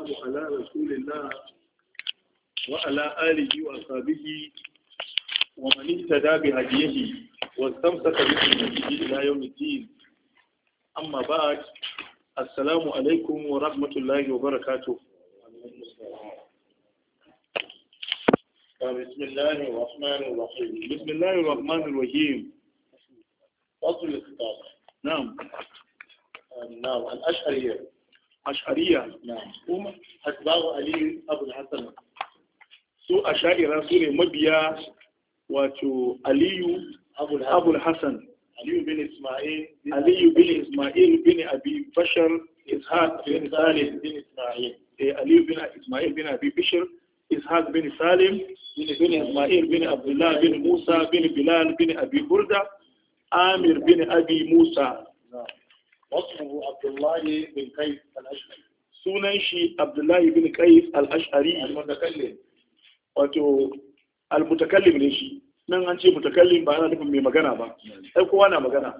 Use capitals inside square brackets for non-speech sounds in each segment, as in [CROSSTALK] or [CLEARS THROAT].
والسلام على رسول الله وعلى آله وأصحابه ومن اهتدى بهديه واستمسك بسنته إلى يوم الدين أما بعد السلام عليكم ورحمة الله وبركاته بسم الله الرحمن الرحيم بسم الله الرحمن الرحيم فصل الخطاب نعم نعم الأشعرية ashariya kuma abu hasan su asha'ira su ne mabiya wato aliyu abu hasan aliyu bin isma'il bin isma'il abi bashar ishaq bin salim bin isma'il eh, aliyu bin isma'il bin abi bashar ishaq bin salim bin isma'il bin abdullah bin musa bin bilal bin abi burda amir bin abi musa واسمه عبد الله بن قيس الأشعري sunan shi Abdullahi bin بن al-Ash'ari المتكلم mutakallim wato al-mutakallim nan an ce mutakallim ba ana nufin mai magana ba sai kowa na magana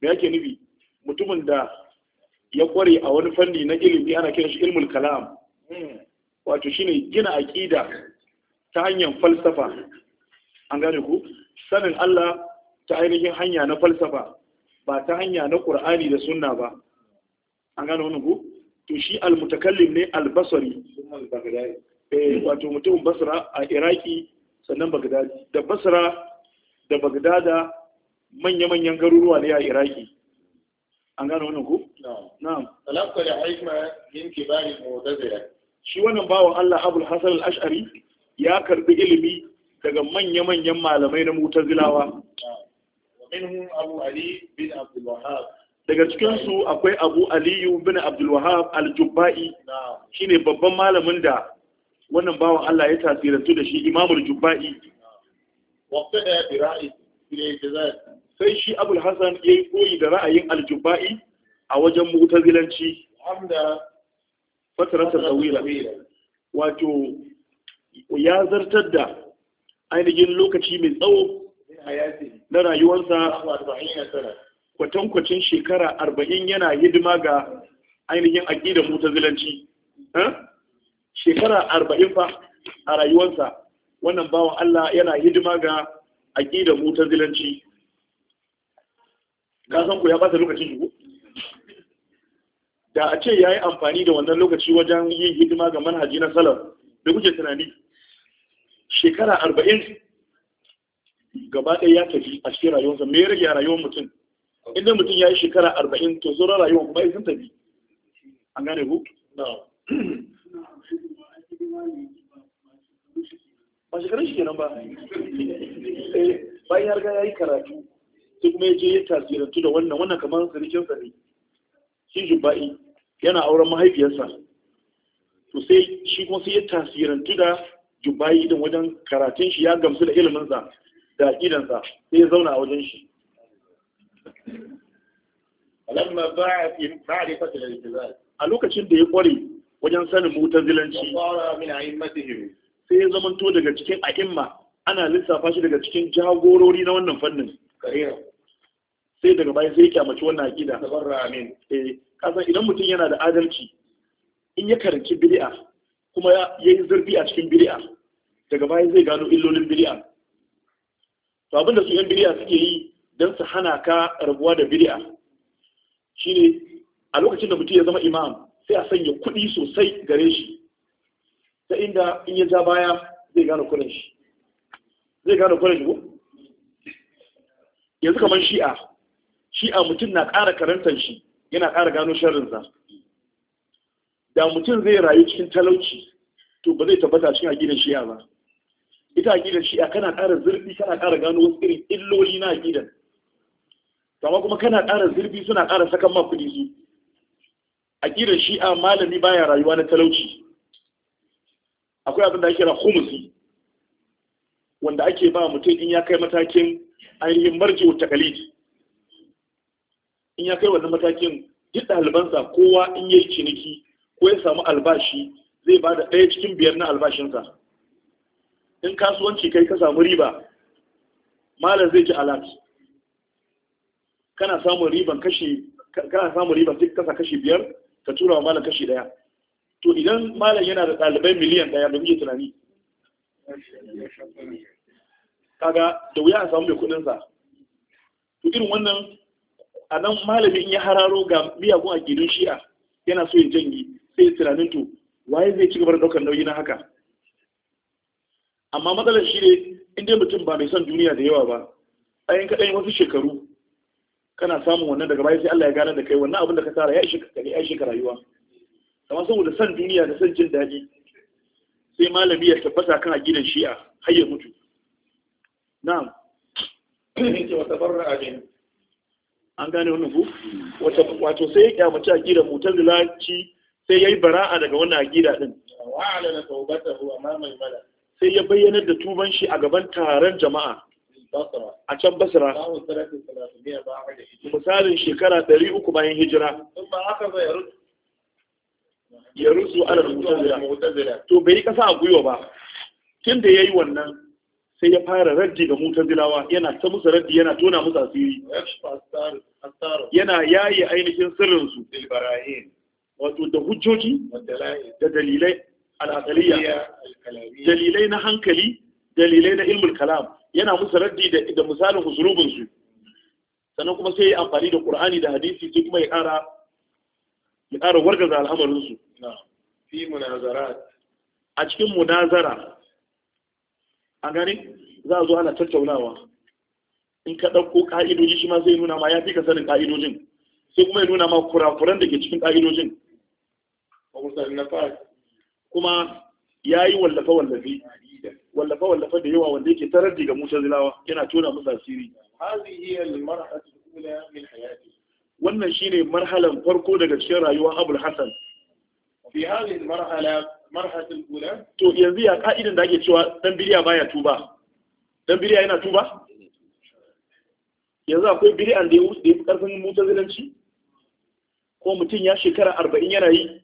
me yake nufi mutumin da ya kware a wani fanni na ilimi ana kiran shi ilmul kalam wato shine gina aqida ta hanyar falsafa an gane ku sanin Allah ta ainihin hanya na falsafa ba ta hanya na ƙur'ani da sunna ba an gano wani ku to shi almutakallim ne albasari eh, wato mutumin basra a iraki sannan bagdadi da basra da bagdada manya-manyan garuruwa ne a iraki an gano wani ku? na'am talakwa da haikma yin kibarin mu'tazila shi wannan bawan Allah Abul Hasan al-Ash'ari ya karbi ilimi daga manya-manyan malamai na mu'tazilawa daga cikin su akwai abu aliyu bin abdul al-jubba'i shine babban malamin da wannan bawan Allah ya tasirantu da shi imamul jubba'i sai shi abul hasan yi koyi da ra'ayin al-jubba'i a wajen mu'tazilanci amda tsawira wato ya zartar da ainihin lokaci mai tsawo na rayuwarsa kwatankwacin shekara arba'in yana hidima ga ainihin aƙidar mutazilanci shekara arba'in fa a rayuwarsa wannan bawan Allah yana hidima ga aƙidar mutazilanci ka san ku ya ɓata lokacin shigo da a ce ya yi amfani da wannan lokaci wajen yin hidima ga manhaji na salar da kuke tunani shekara arba'in gaba ɗaya ya tafi a cikin rayuwarsa me ya rage a rayuwar mutum inda mutum ya yi shekara arba'in to sauran rayuwar kuma izin tafi an gane ku ba shekarun shi kenan ba eh, bayan ya riga ya yi karatu sai kuma ya je ya tasirantu da wannan wannan kamar sirikinsa ne shi jubba'i yana auren mahaifiyarsa to sai shi kuma sai ya tasirantu da jubba'i idan wajen karatun shi ya gamsu da iliminsa da gidansa sai ya zauna a wajen shi al a lokacin da ya kware wajen sanin mutazilanci Zilanci, sai ya zamanto daga cikin a'imma ana lissafa shi daga cikin jagorori na wannan fannin sai daga baya sai ya kyamaci wannan aqida eh, kasan idan mutum yana da adalci in ya karanci bid'a kuma ya yi zurfi a cikin bid'a daga baya zai gano illolin bid'a to abin da su yan bid'a suke yi don su hana ka rabuwa da bid'a shine a lokacin da mutum ya zama imam sai a sanya kuɗi sosai gare shi ta inda in ya ja baya zai gane kuɗin shi zai gane kuɗin shi ko yanzu kamar shi'a shi'a mutum na ƙara karantar shi yana ƙara gano sharrinsa da mutum zai rayu cikin talauci to ba zai tabbata cikin aƙidar shi'a ba ita shi shi'a kana ƙara zurfi kana ƙara gano wasu irin illoli na gidan. amma kuma kana ƙara zurfi suna ƙara sakan ma kuɗi su shi shi'a malami baya rayuwa na talauci akwai abin da ake kira khumusi wanda ake ba mutum in ya kai matakin ainihin wata taqalid in ya kai wannan matakin duk ɗalibansa kowa in yayi ciniki ko ya samu albashi zai ba da ɗaya cikin biyar na albashinsa in kasuwanci kai ka samu riba malam zai ci alat kana samun riban kashi kana samun riban duk kasa kashi biyar ka tura wa malam kashi daya to idan malam yana da ɗalibai miliyan daya da muke tunani kaga da wuya a samu mai kuɗin sa to irin wannan a nan malami in ya hararo ga miyagun aƙidun shi'a yana so ya janye sai ya tunanin to waye zai ci gaba da ɗaukar nauyi na haka amma matsalar shi ne inda mutum ba mai son duniya da yawa ba a yin kaɗai wasu shekaru kana samun wannan daga bayan sai Allah ya gane da kai wannan abin da ka tara ya ishe ka ya ishe ka rayuwa amma saboda son duniya da son jin daɗi sai malami ya tabbata kan gidan shi'a har ya mutu na'am an gane wannan ku wato sai ya kyamaci akidar mutar da sai ya yi bara'a daga wannan agida din wa'ala na taubata ruwa mamaye mala sai ya bayyana da tuban shi a gaban taron jama'a a can basira misalin shekara 300 bayan hijira ya rusu ala mutazila to bai yi kasa a gwiwa ba tun da ya yi wannan sai ya fara raddi ga mutazilawa yana ta musu raddi yana tona musu asiri yana yaye ainihin sirrinsu wato da hujjoji da dalilai al'aqaliyya dalilai na hankali dalilai na ilmul kalam yana musu raddi da misalin usulubin su sannan kuma sai ya amfani da qur'ani da hadisi sai kuma ya ƙara ya ƙara wargaza al'amarin su fi munazarat a cikin munazara a gani za a zo ana tattaunawa in ka ɗauko ƙa'idoji shi ma zai nuna ma ya fi ka sanin ƙa'idojin sai kuma ya nuna ma kurakuran da ke cikin ƙa'idojin kuma ya yi wallafe-wallafe wallafe-wallafe da yawa wanda yake tarar daga Musa zilawa yana tona musa siri wannan shi ne marhalan farko daga cikin rayuwar abul hassan to yanzu ya ka'idan da ake cewa dan biriya baya tuba dan biriya yana tuba yanzu akwai biriya da ya wuce da karfin mutazilanci ko mutum ya shekara arba'in yana yi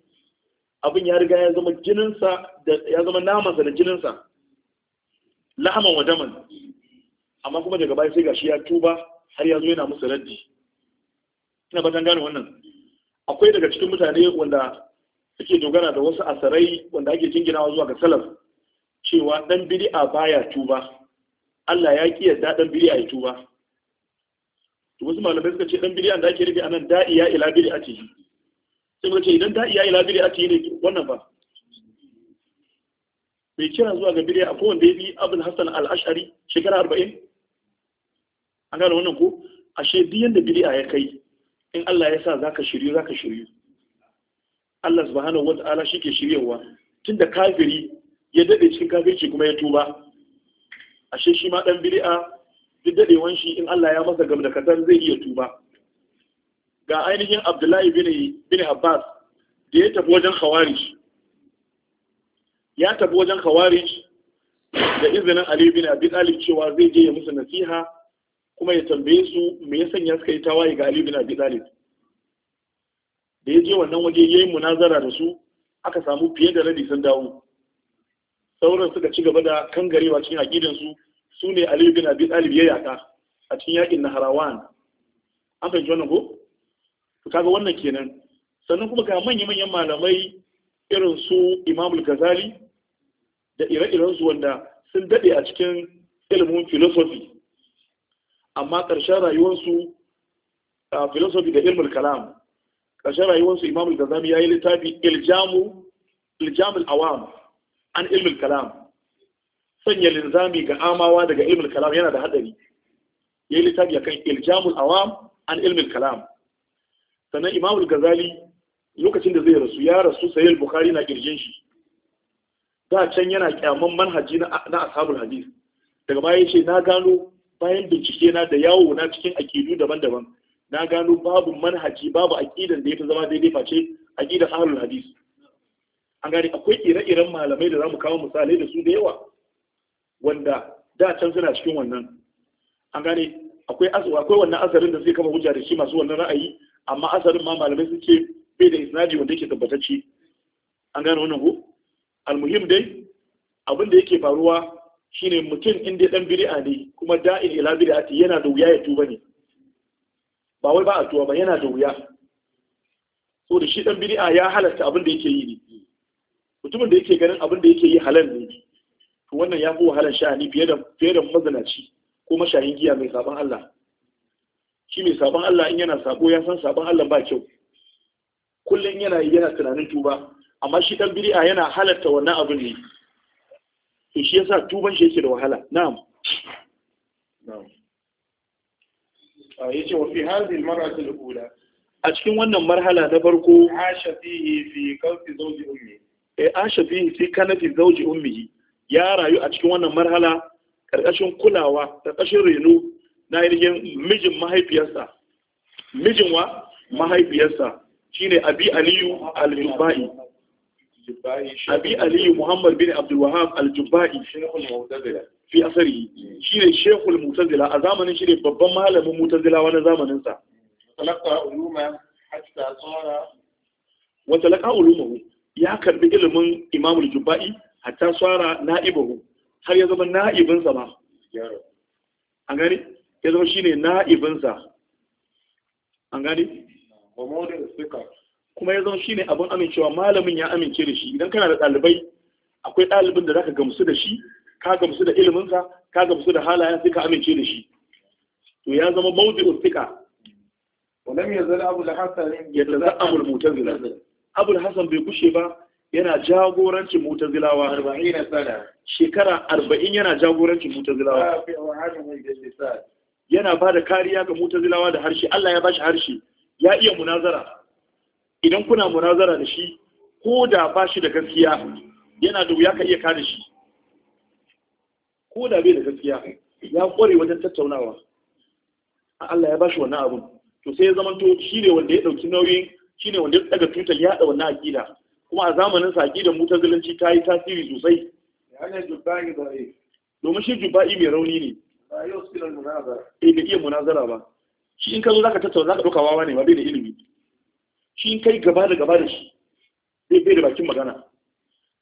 abin ya riga ya zama jininsa ya zama namansa da jininsa lahaman wa daman amma kuma daga baya sai gashi ya tuba har ya zo yana musu raddi ina batan gane wannan akwai daga cikin mutane wanda suke dogara da wasu asarai wanda ake jinginawa zuwa ga salaf cewa dan bid'a baya tuba Allah ya ki yarda dan bid'a ya tuba to wasu malamai suka ce dan bid'a da ake rubi anan da'iya ila bid'ati sai mace idan ta iya ila bid'a ce ne wannan ba bai kira zuwa ga bid'a ko wanda ya bi abin Hassan al-Ash'ari shekara arba'in? an gane wannan ko ashe duk da bid'a ya kai in Allah ya sa za zaka shiryu ka shiryu Allah subhanahu shi ke shiryewa tunda kafiri ya dade cikin kafirci kuma ya tuba ashe shi ma dan bid'a duk dadewan shi in Allah ya masa gamda katar zai iya tuba ga ainihin abdullahi bin abbas da ya tafi wajen khawarij ya tafi wajen khawarij da izinin ali bin abi talib cewa zai je ya musu nasiha kuma ya tambaye su me ya sanya suka yi tawaye ga ali bin abi talib da ya je wannan waje ya yi munazara da su aka samu fiye da rabi sun dawo sauran suka ci gaba da kangarewa cikin aƙidansu su ne ali bin abi talib ya yaka a cikin yakin naharawan an fahimci wannan ko kaga wannan kenan sannan kuma ga manya-manyan malamai irin su imamul ghazali da ire-iren su wanda sun dade a cikin ilimin philosophy amma ƙarshen rayuwarsu a philosophy da ilmin kalam ƙarshen rayuwarsu imamul ghazali ya yi littafi iljamu iljamul awam an ilmin kalam sanya linzami ga amawa daga ilmin kalam yana da hadari ya yi littafi akan iljamul awam an ilmin kalam sannan imamul gazali lokacin da zai rasu ya rasu al bukhari na kirjin shi da can yana kyaman manhaji na ashabul hadith daga baya yace na gano bayan bincike na da yawo na cikin akidu daban-daban na gano babu manhaji babu aqidan da yafi zama daidai face aqidan ahlul hadith an gani akwai ire-iren malamai da zamu kawo misalai da su da yawa wanda da can suna cikin wannan an gane akwai akwai wannan asarin da zai kama hujja da shi masu wannan ra'ayi amma asalin ma malamai sun bai da isnadi wanda yake tabbatacce an gane wannan ko almuhim dai abin da yake faruwa shine mutum in dai dan bid'a ne kuma da'in ila bid'ati yana da wuya ya tuba ne ba wai ba a tuba ba yana da wuya so da shi dan bid'a ya halatta abin da yake yi ne mutumin da yake ganin abin da yake yi halal ne to wannan ya fi wahalar sha'ani fiye da fiye da mazanaci ko mashayin giya mai saban Allah shi mai sabon Allah in yana sabo ya san sabon Allah ba kyau kullum yana yana tunanin tuba amma shi dan bid'a yana halatta wannan abu ne to shi yasa tuban shi yake da wahala na'am na'am ah, yace wa fi hadhihi al al-ula a cikin wannan marhala na farko asha fihi fi kawfi zawji ummi eh asha fihi fi kanafi zawji ummi ya rayu a cikin wannan marhala karkashin kulawa karkashin reno na ainihin mijin mahaifiyarsa mijin wa mahaifiyarsa shine abi aliyu al jubbai abi aliyu muhammad bin Abdulwahab al jubbai fi asari shine shekul mutazila a zamanin shi babban malamin mutazila wani zamanin sa wata laƙa ulumahu ya karbi ilimin imamul jubai hatta tsara na'ibahu har ya zama na'ibinsa ba a gani ya zama ne na'ibinsa an gane kuma ya zama ne abin amincewa malamin ya amince da shi idan kana da ɗalibai akwai ɗalibin da zaka gamsu da shi ka gamsu da iliminsa ka gamsu da halayen sai ka amince da shi to ya zama mawdi'u thiqa ولم ya أبو الحسن يتزعم المعتزلة أبو الحسن ba yana jagorancin mutazilawa 40 sana shekara 40 yana jagorancin mutazilawa yana ba da kariya ga mutazilawa da harshe Allah ya bashi harshe ya iya munazara idan kuna munazara da shi ko da ba shi da gaskiya yana da wuya ka iya kare shi ko da bai da gaskiya ya kware wajen tattaunawa Allah ya bashi wannan abun to sai ya to shi ne wanda ya dauki nauyin shi ne wanda ya daga tutar ya haɗa wannan aƙida kuma a zamanin sa aƙidar mutazilanci ta yi tasiri sosai domin shi jubba'i mai rauni ne eh bai iya munazara ba shi in ka zo zaka tattauna zaka ɗauka wawa ne ba bai da ilimi shi in kai gaba da gaba da shi zai bai da bakin magana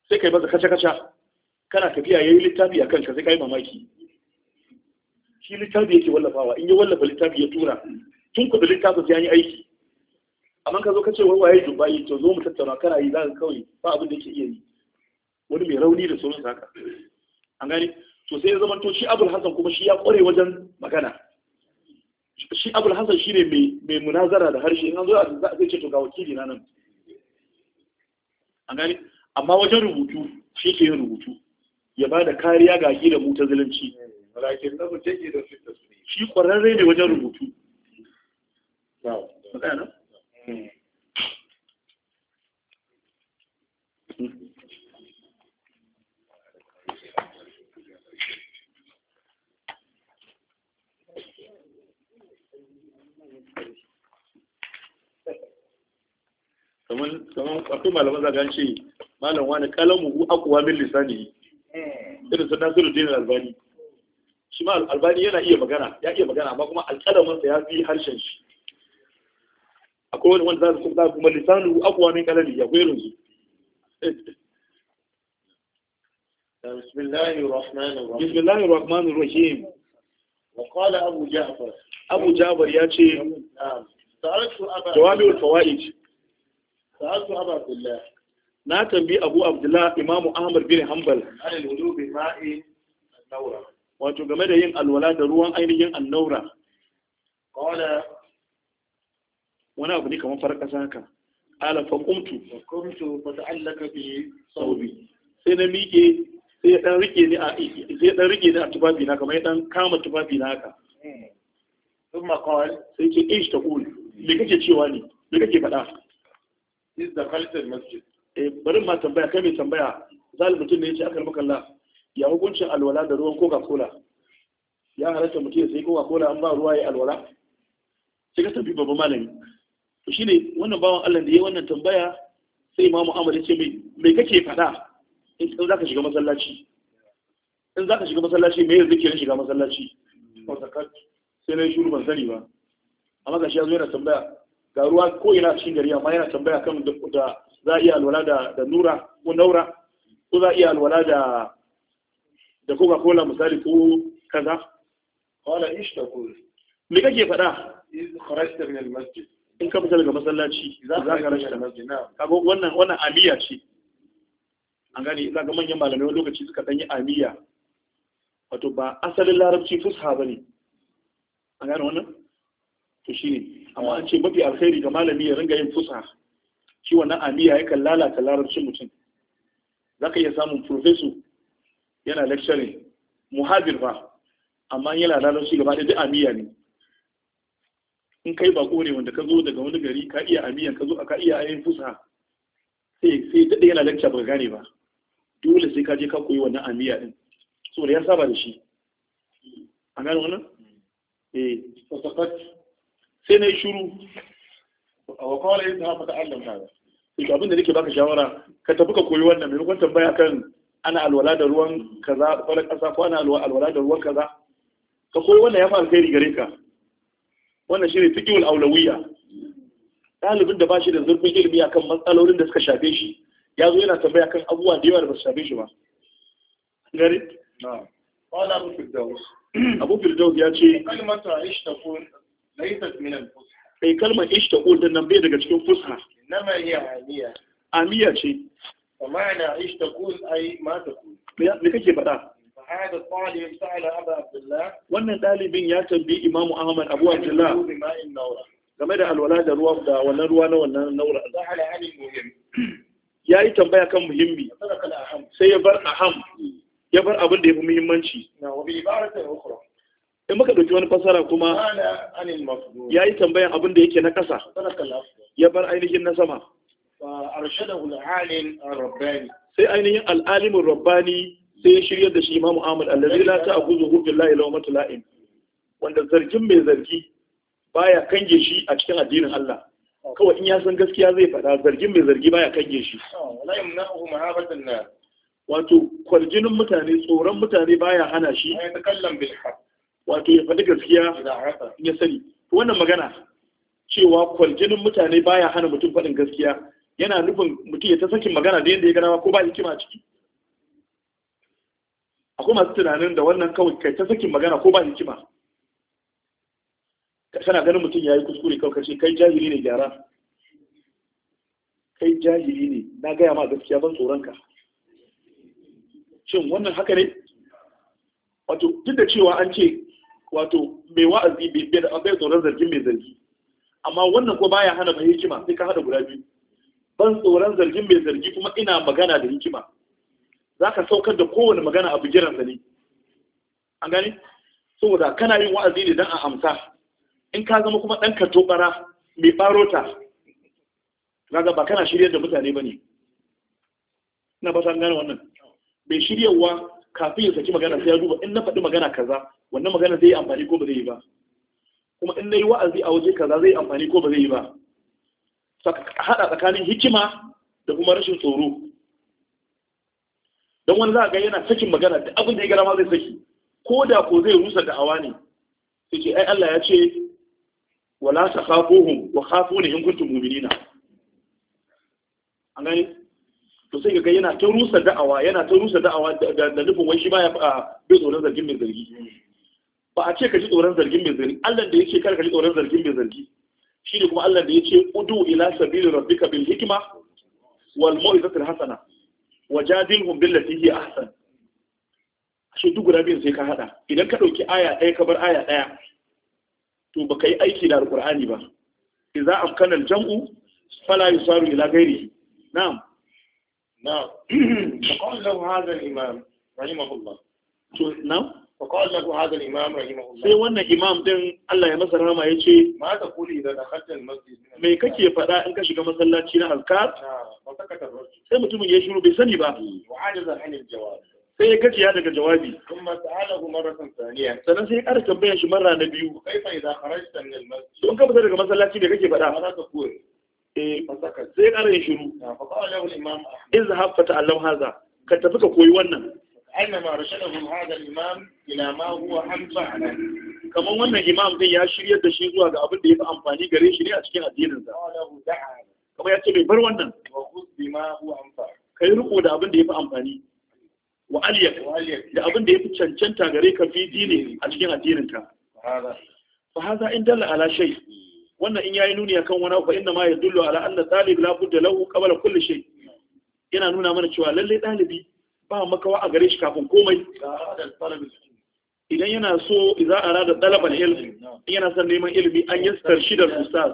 sai kai masa kaca-kaca kana tafiya yayi littafi a kanka sai kai mamaki shi littafi yake wallafawa in ya wallafa littafi ya tura tun kuɗa littafin sai yi aiki amma ka zo ka ce wai waye dubai to zo mu tattauna kana yi zaka kawai ba abin da yake iya yi wani mai rauni da sauransa haka an gani to sai ya zama to shi abul hasan kuma shi ya kware wajen magana shi abul hasan shi ne mai munazara da harshe in an zo a zai ce to ga wakili na nan an gani amma wajen rubutu shi ke yin rubutu ya ba da kariya ga gida mu ta zalunci shi kwararre ne wajen rubutu kaman akwai malaman zaga an ce malam wani kalamu hu aqwa min lisani eh. irin sa Nasiru Din Albani shi ma Albani yana iya magana ya iya magana amma kuma alƙalamin ya fi harshen shi akwai wani wanda za su kuma kuma lisanu hu aqwa min kalami [LAUGHS] ya koyi runzu بسم الله الرحمن الرحيم بسم الله الرحمن الرحيم abu أبو جعفر أبو جعفر يا شيخ جوامع الفوائد سألت أبا عبد na tambi abu أبو عبد ahmad bin hanbal بن حنبل عن الولو بماء nawra wato game da yin alwala da ruwan ainihin قال nawra qala wani abu ne kamar فقمت saka ala fa qumtu qumtu sai na miƙe dan ni a sai dan rike ni a tufafi na kamar kama tufafi na haka thumma qala sai ke ish taqul me kake cewa ne me kake faɗa is da khalitar masjid eh bari ma tambaya kai mai tambaya zalim mutum ne yace akal makalla ya hukuncin alwala da ruwan coca cola ya halatta mutum ya sayi coca cola an ba ruwa ya alwala sai ka tafi babban malami to shine wannan bawan Allah da yayi wannan tambaya sai imamu Amadu ce mai mai kake faɗa in zaka shiga masallaci in zaka shiga masallaci me yanzu ke shiga masallaci sai na yi shuru ban sani ba amma ga shi ya zo yana tambaya ga ruwa ko ina cikin gari amma yana tambaya kan da za iya alwala da nura ko naura ko za iya alwala da da coca cola misali ko kaza wala ish taqul me kake faɗa kharajta min al-masjid in ka fita daga masallaci za ka kharajta min masjid na kago wannan wannan amiya ce an gani, za ga manyan malamai wani lokaci suka danyi amiya wato ba asalin larabci fusha bane an gani wannan to shine amma an ce mafi alkhairi ga malami ya ringa yin fusa shi wannan amiya yakan lalata larabcin mutum za ka iya samun profeso yana lecturing Muhadir ba amma yana larabci gaba ɗaya amiya ne in kai bako ne wanda ka zo daga wani gari ka iya amiya ka zo ka iya ayin fusa sai sai daɗe yana lecture ba gane ba dole sai ka je ka koyi wannan amiya din saboda ya saba da shi a gane wannan mm. eh sai na yi shuru a wakawa yin ta hafa ta'allam kaza ita abin da nake baka shawara ka tafi ka koyi wannan maimakon tambaya kan ana alwala da ruwan kaza kwalar ƙasa ko ana alwala da ruwan kaza ka koyi wannan ya fi alkhairi gare ka wannan shi ne fikiwul aulawiya ɗalibin da ba shi da zurfin ilimi akan matsalolin da suka shafe shi ya zo yana tambaya kan abubuwa da yawa da ba su shafe shi ba na wala abu firdaus abu firdaus ya ce kalmata ishtaqun laysat min al-fusha kai kalmar ishtaqul din nan bai daga cikin fusha nama hiya amiya amiya ce fa ma'ana ishtaqul ai mata ku. me kake faɗa هذا الطالب سأل أبا عبد الله وأن Wannan ɗalibin ya أحمد أبو Ahmad, abu بماء game da alwala da ruwa da wannan ruwa na wannan naura ya yi tambaya kan muhimmi sai ya bar aham ya bar abin da ya fi muhimmanci in muka ɗauki wani fasara kuma ya yi tambayan abin da yake na ƙasa ya bar ainihin na sama sai ainihin al'alimin rabbani sai ya shirya da shi imamu amur allazi la ta abu zuhu la ilaha mutla'in wanda zargin mai zargi baya kange shi a cikin addinin Allah kawai in ya san gaskiya zai faɗa zargin mai zargi baya kange shi ah, wato kwarjinin mutane tsoron mutane baya hana shi wato ya faɗi gaskiya in ya sani wannan magana cewa kwaljinin mutane baya hana mutum faɗin gaskiya yana nufin mutum ya ta sakin magana da yadda ya gana ko ba hikima a ciki akwai masu tunanin da wannan kawai kai ta sakin magana ko ba hikima kana ganin mutum ya yi kuskure kawai kace kai jahili ne gyara kai jahili ne na gaya ma gaskiya ban tsoronka shin wannan haka ne wato duk da cewa an ce wato mai wa'azi bai da an bai tsoron zargin mai zargi amma wannan ko baya hana mai hikima sai ka hada guda biyu ban tsoron zargin mai zargi kuma ina magana da hikima Za ka saukar da kowane magana a bigiran ne an gani saboda kana yin wa'azi ne dan a amsa in ka zama kuma dan ka tobara mai barota kaga ba kana shiryar da mutane ba ne. ina ba san gane wannan bai shiryawa kafin ya saki magana sai ya duba in na faɗi magana kaza wannan magana zai yi amfani ko ba zai yi ba kuma in na yi wa'azi a waje kaza zai yi amfani ko ba zai yi ba haɗa tsakanin hikima da kuma rashin tsoro don wani za a ga yana sakin magana da abin da ya gara ma zai saki ko da ko zai rusa da hawa ne sai ce ai Allah ya ce wala ta khafuhum wa khafuni in kuntum mu'minina an gani to sai ga yana ta rusa da'awa yana ta rusa da'awa da nufin wai shi ba ya bai tsoron zargin mai zargi ba a ce ka ji tsoron zargin mai zargi Allah da yake kar ka ji tsoron zargin mai zargi shi ne kuma Allah da yake udu ila sabili rabbika bil hikma wal mau'izatil hasana wajadilhum billati hi ahsan shi duk guda biyun sai ka hada idan ka dauki aya ɗaya ka bar aya ɗaya to baka yi aiki da alqur'ani ba idza amkana al-jam'u fala yusaru ila ghairi na'am na'am [CLEARS THROAT] qala hadha al-imam rahimahullah to na'am فقال له هذا الإمام رحمه الله سي وانا إمام دين الله يمسر هما يجي ما تقول إذا دخلت المسجد مي كي فدا إن كشي كما صلى الرجل سي متوم بسني وعجز عن الجواب sai ya gaji ya daga jawabi kuma ta'alahu maratan thaniya sannan sai ƙara tambayar shi mara na biyu kai fa idan kharajta min al-masjid don ka fita daga masallaci kake faɗa ka kuwe eh fasaka sai ƙara yin shiru fa qala lahu al-imam izhab fa ta'allam hadha ka tafi ka koyi wannan annama rashadahum hadha al-imam ila ma huwa anfa wannan imam din ya shiryar da shi zuwa ga abin da yafi amfani gare shi ne a cikin addinin sa kamar ya ce bai bar wannan wa da abin da yafi amfani wa aliyak da abin da yafi cancanta gare ka fi dini a cikin addinin ka fa hadha in dalla ala shay wannan in yayi nuni akan wani fa inna ma yadullu ala anna talib la budda lahu qabla kulli yana nuna mana cewa lallai dalibi ba makawa a gare shi kafin komai idan yana so za a rada dalaban ilmi yana son neman ilmi an yi da ustaz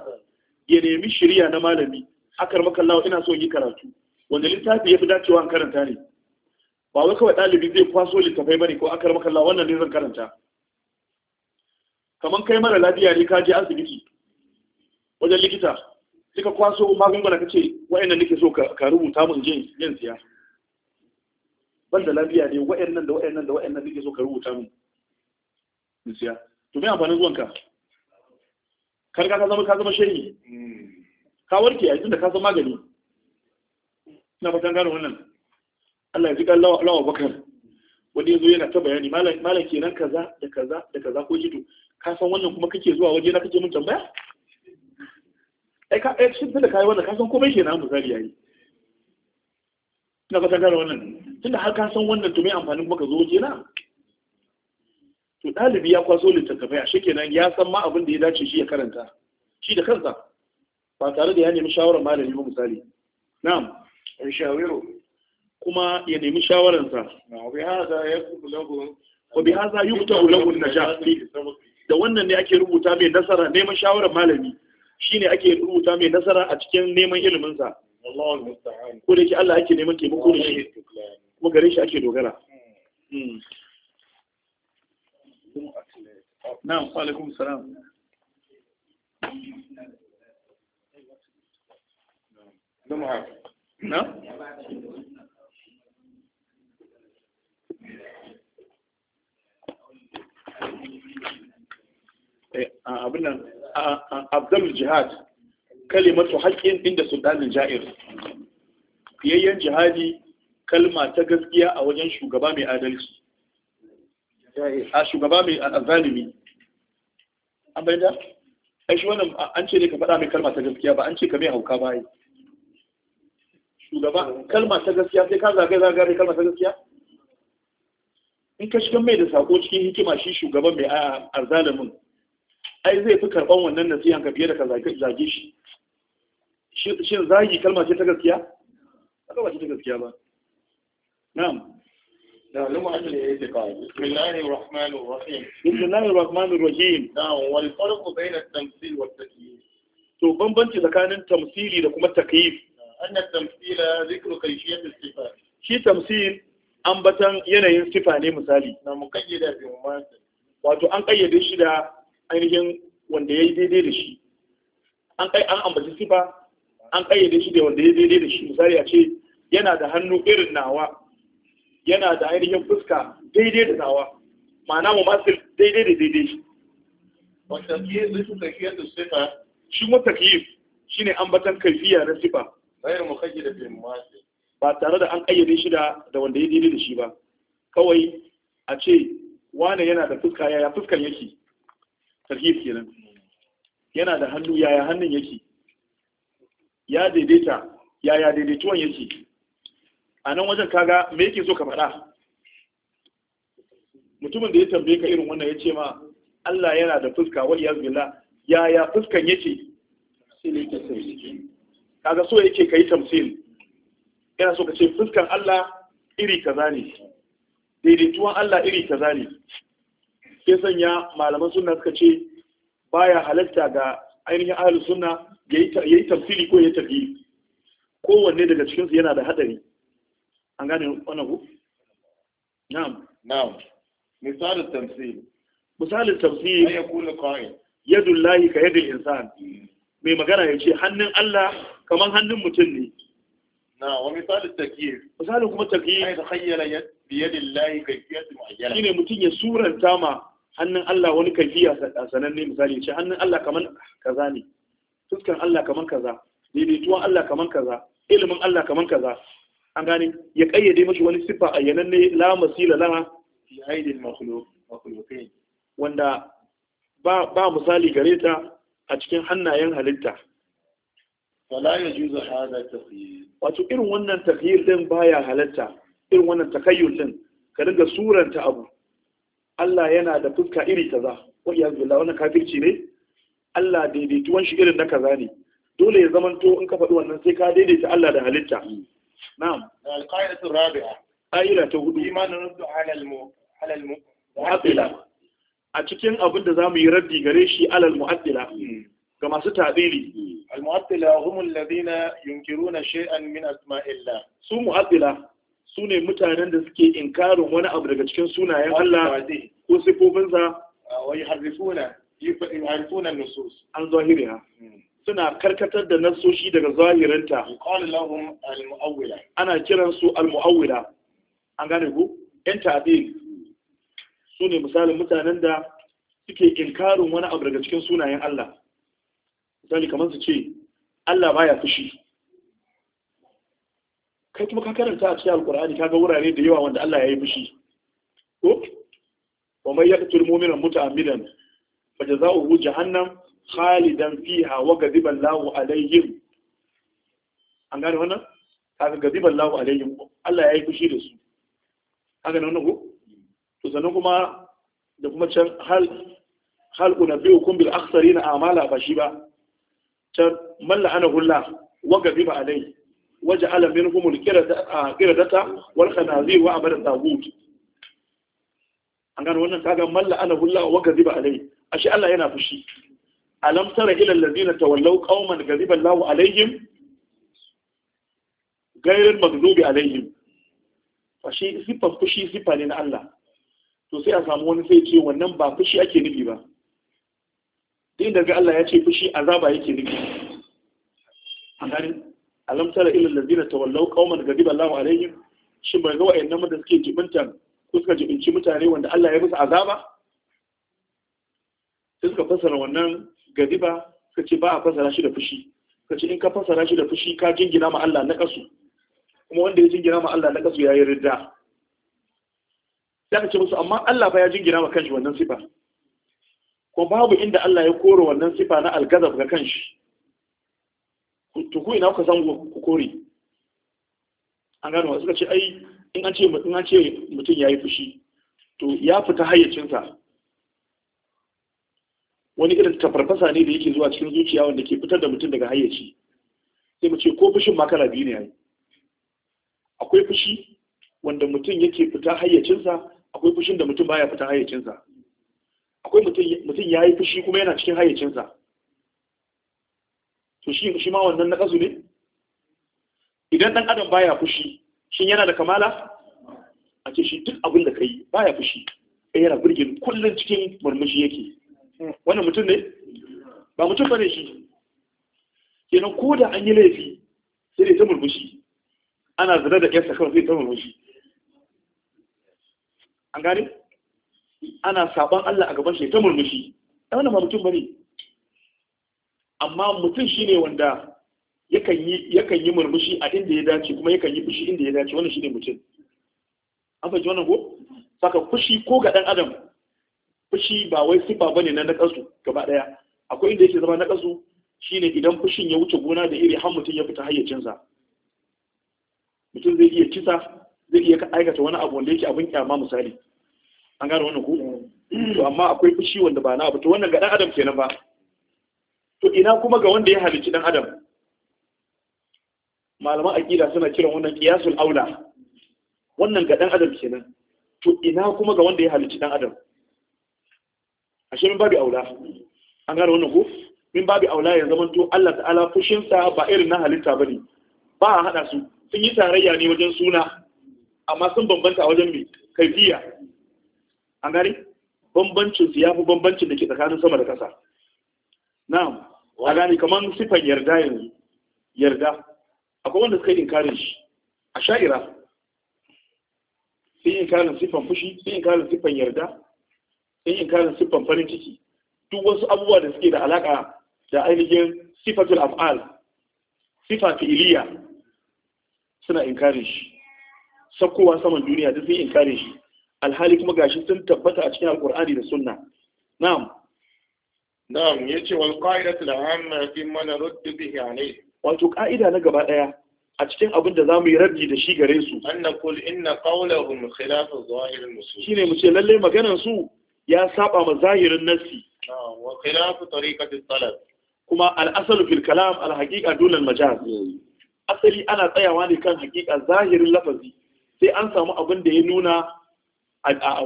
ya nemi shirya na malami akar makallawa ina so yi karatu wanda littafi ya fi dacewa karanta ne ba wai kawai ɗalibi zai kwaso littafai bane ko akar makallawa wannan ne zan karanta kamar kai mara lafiya ne ka je asibiti wajen likita suka kwaso magunguna ka ce wa'annan nake so ka rubuta mun je yin siya ban da lafiya ne nan da nan da nan nake so ka rubuta mu. gaskiya to me amfanin zuwanka kar ka zama ka zama shehi ka warke a tunda ka san magani ina fatan gano wannan Allah ya ji kan lawa bakar wani yazo yana ta bayani malam kenan kaza da kaza da kaza ko jito ka san wannan kuma kake zuwa waje na kake mun tambaya ai ka ai shin da kai wannan ka san komai kenan misali yayi ina fata gane wannan tunda har ka san wannan to me amfanin kuma ka zo waje na to ɗalibi ya kwaso littattafai a shekenan ya san ma abin da ya dace shi ya karanta shi da kansa ba tare da ya nemi shawarar malami ba misali na'am in shawiro kuma ya nemi shawarar shawararsa wa bi haza yuktabu lahu najah da wannan ne ake rubuta mai nasara neman shawarar malami shine ake rubuta mai nasara a cikin neman ilimin sa ko da yake Allah ake neman taimako da shi kuma gare shi ake dogara na'am wa alaikum salam Jama'a. Na? Abin nan, abdul jihad kalimatu haƙƙin inda sultanin ja'ir fiyayyen jihadi kalma ta gaskiya a wajen shugaba mai adalci a shugaba mai azalimi an bai da ai shi wannan an ce ne ka faɗa mai kalma ta gaskiya ba an ce ka mai hauka ba yi shugaba kalma ta gaskiya sai ka zagaye zagaye kalma ta gaskiya in ka shiga mai da sako cikin hikima shi shugaban mai azalimin ai zai fi karɓan wannan nasihan ka fiye da ka zage shi shin zagi kalma ce ta gaskiya kalma ce ta gaskiya ba na'am نعم الله الرحمن الرحيم بسم الله الرحمن الرحيم نعم والفرق بين التمثيل والتكييف to bambanci tsakanin tamsili da kuma takyif anna tamthila zikru kayfiyat as-sifat shi tamsil ambatan yanayin sifa ne misali na muqayyada bi ummat wato an kayyade shi da ainihin wanda yayi daidai da shi an kai an ambaci sifa an kayyade shi da wanda ya daidai da shi misali a ce yana da hannu irin nawa yana da ainihin fuska daidai da nawa ma'ana mu masu daidai da daidai shi shi mutakiyyif shi ne ambatan kaifiya na sifa ba tare da an kayyade shi da wanda ya daidai da shi ba kawai a ce wane yana da fuska yaya fuskan yake tarhif kenan yana da hannu yaya hannun yake ya daidaita yaya daidaituwan yake a nan wajen kaga me yake so ka faɗa mutumin da ya tambaye ka irin wannan ya ce ma Allah yana da fuska wa ya ya yaya fuskan yake kaga so yake kai tamsil yana so ka ce fuskan Allah iri kaza ne daidaituwan Allah iri kaza ne sai sanya malaman sunna suka ce baya halatta ga ainihin ahlus sunna yayi tafsiri ko ya tafi? kowanne daga cikin su yana da hadari an gane wannan ku na'am na'am misalin tafsiri misalin tafsiri ya kula qa'il yadu llahi ka yadu insan hmm. mai magana ya ce hannun Allah kamar hannun mutum ne na wa misalin takyir misalin kuma takyir ai takhayyala bi yadi llahi kayfiyat mu'ayyana shine mutum ya suranta ma hannun Allah wani kaifiya sananne misali ya ce hannun Allah kamar kaza ne Fuskar Allah kaman kaza daidaituwan Allah kaman kaza ilimin Allah kaman kaza an gane ya kayyade mashi wani siffa ayyanan ne la masila lana fi aidil wanda ba ba misali gare ta a cikin hannayen halitta wala yajuzu hada tafsir wato irin wannan tafsir din baya halatta irin wannan takayyul din ka dinga suranta abu Allah yana da fuska iri kaza wa iyaz billah wannan kafirci ne Allah daidaituwan shi irin na kaza ne dole ya zamanto in ka faɗi wannan sai ka daidaita Allah da halitta na'am al-qa'idatu rabi'a qa'ida ta hudu imanin ruddu ala al-ala al-mu'attila a cikin abin da zamu yi raddi gare shi ala al-mu'attila ga masu ta'dili al-mu'attila hum alladhina yunkiruna shay'an min asma'illah su mu'attila su ne mutanen da suke inkarin wani abu daga cikin sunayen Allah ko sifofinsa wa yuharrifuna suna karkatar da nasoshi daga zahirinta ana kiran su al-mu'awwila an gane ku yan ta'dil su ne misalin mutanen da suke inkarin wani abu daga cikin sunayen Allah misali kamar su ce Allah baya fushi kai kuma ka karanta a cikin alkur'ani kaga wurare da yawa wanda Allah ya yi fushi ko wa may yaqtul mu'mina muta'ammidan fa jazaohu jahannam khalidan fiha wa ghadiba Allahu alaihim an gane wannan kaga ghadiba Allahu alaihim Allah yayi fushi da su kaga nan ko to sannan kuma da kuma can hal hal unabbiukum bil akhsarina a'mala ba shi ba can man la'anahu Allah wa ghadiba alaihi وجعل منهم القردة والخنازير وعبد الطاغوت an gano wannan kaga malla ana hulla wa gaziba alai ashe Allah yana fushi alam tara ila allazina tawallaw qauman gaziba Allahu alaihim ghayril maghdubi alaihim fashi sifan fushi sifa ne na Allah to sai a samu wani sai ce wannan ba fushi ake nufi ba din ga Allah ya ce fushi azaba yake nufi an gani alam tara ila allazina tawallaw qauman gaziba Allahu alaihim shin bai ga wayannan da suke jibintan ko suka jibinci mutane wanda Allah ya musu azaba sai suka fasara wannan gadiba suka ce ba a fasara shi da fushi suka ce in ka fasara shi da fushi ka jingina ma Allah na kasu kuma wanda ya jingina ma Allah na kasu yayi ridda sai ka ce musu amma Allah ba ya jingina ma kanshi wannan sifa ko babu inda Allah ya kore wannan sifa na algazab ga kanshi to ku ina ku san ku kore an gano suka ce ai in an ce mutum ya yi fushi to ya fita hayyacinsa wani irin tafarfasa ne da yake zuwa cikin zuciya wanda ke fitar da mutum daga hayyaci sai mu ce ko fushin makala biyu ne yi. akwai fushi wanda mutum yake fita hayyacinsa akwai fushin da mutum baya fita hayyacinsa akwai mutum ya yi fushi kuma yana cikin hayyacinsa to shi ma wannan na ne idan ɗan adam baya fushi shin yana da kamala a ce shi duk abin da kai baya fushi A eh, yana birgin kullum cikin murmushi yake wannan mutum ne ba mutum bane shi kenan ko da an yi laifi sai dai ta murmushi ana zira da yarsa kawai sai ta murmushi an gane ana saban Allah a gaban shi ta murmushi ɗan wannan ba mutum bane amma mutum shine wanda yakan yi murmushi a inda ya dace kuma yakan yi fushi inda ya dace wannan ne mutum an fahimci wannan ko saka fushi ko ga dan adam fushi ba wai sifa ba ne na nakasu gaba daya akwai inda yake zama nakasu shine idan fushin ya wuce gona da iri har mutum ya fita hayyacinsa mutum zai iya kisa zai iya aikata wani abu wanda yake abin kyama misali an gane wannan ko mm. to amma akwai fushi wanda ba na abu to wannan ga dan adam kenan ba to ina kuma ga wanda ya halicci dan adam malaman aqida suna kiran wannan qiyasul aula wannan ga dan adam kenan to ina kuma ga wanda ya halicci dan adam ashe min babu aula an gane wannan ko min babu aula ya zama to Allah ta'ala fushin sa ba irin na halitta bane ba a hada su sun yi tarayya ne wajen suna amma sun bambanta a wajen mai kaifiya an gari bambancin su yafi bambancin da ke tsakanin sama da kasa na'am a gani kamar sifan yarda yanzu yarda akwai wanda suka yi inkarin shi a sha'ira sun yi inkarin siffan fushi sun yi inkarin siffan yarda sun yi inkarin siffan farin ciki duk wasu abubuwa da suke da alaka da ainihin siffatul af'al sifa fi'iliya suna inkarin shi sakkowa saman duniya duk sun yi inkarin shi alhali kuma gashi sun tabbata a cikin alkur'ani da sunna na'am na'am yace wal qa'idatu al fi man rudd bihi alayhi wato ka'ida na gaba daya a cikin abin da zamu yi rabbi da shi gare su anna qul inna qawlahum khilafu zahir al-nusus shine mu ce lalle maganar su ya saba ma zahirin nassi ah, wa khilafu tariqati al-talab kuma al-asl fil kalam al-haqiqa dun al-majaz hmm. asali ana tsayawa ne kan haqiqa zahirin lafazi sai an samu abin da ya nuna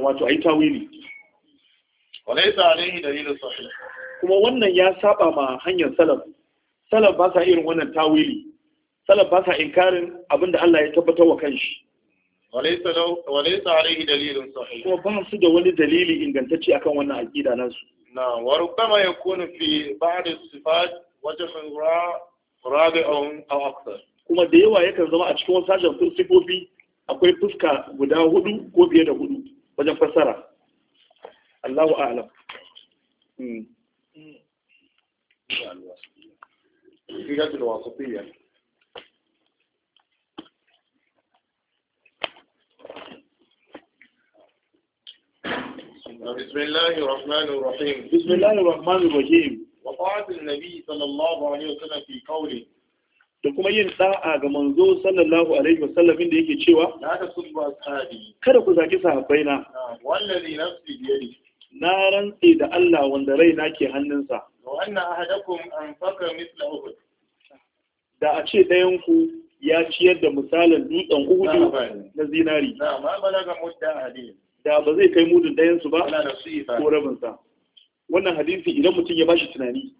wato ayi tawili laysa alayhi dalil sahih kuma wannan ya saba ma hanyar salaf salaf ba sa irin wannan tawili salaf ba sa inkarin abinda Allah ya tabbatar wa kanshi walaysa alayhi dalilun sahih kuma ba su da wani dalili ingantacce akan wannan aqida nan su na wa rubama yakunu fi ba'd sifat wajhun rabi'un aw akthar kuma da yawa yakan zama a cikin wasu sashen sifofi akwai fuska guda hudu ko biye da hudu wajen fassara Allahu a'lam hmm. Hmm. الفيلة الواسطية بسم الله الرحمن الرحيم بسم الله الرحمن الرحيم وطاعة النبي صلى الله عليه وسلم في قوله da kuma yin da'a ga manzo sallallahu alaihi wasallam inda yake cewa la tasubbu ashabi kada ku zaki sahabbaina wallazi nafsi biyadi na rantsi da Allah wanda raina ke hannunsa wa anna ahadakum anfaqa mithla uhud da a ce ɗayan ku ya ciyar da misalin dutsen uhudu na zinari da ba zai kai mudun ɗayan su ba ko rabinsa wannan hadisi idan mutum ya bashi tunani